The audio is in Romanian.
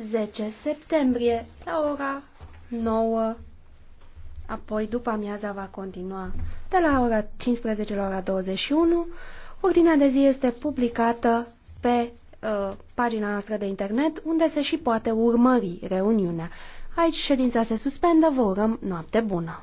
10 septembrie, la ora 9. Apoi, după amiaza va continua de la ora 15 la ora 21. Ordinea de zi este publicată pe uh, pagina noastră de internet, unde se și poate urmări reuniunea. Aici ședința se suspendă, vă urăm noapte bună!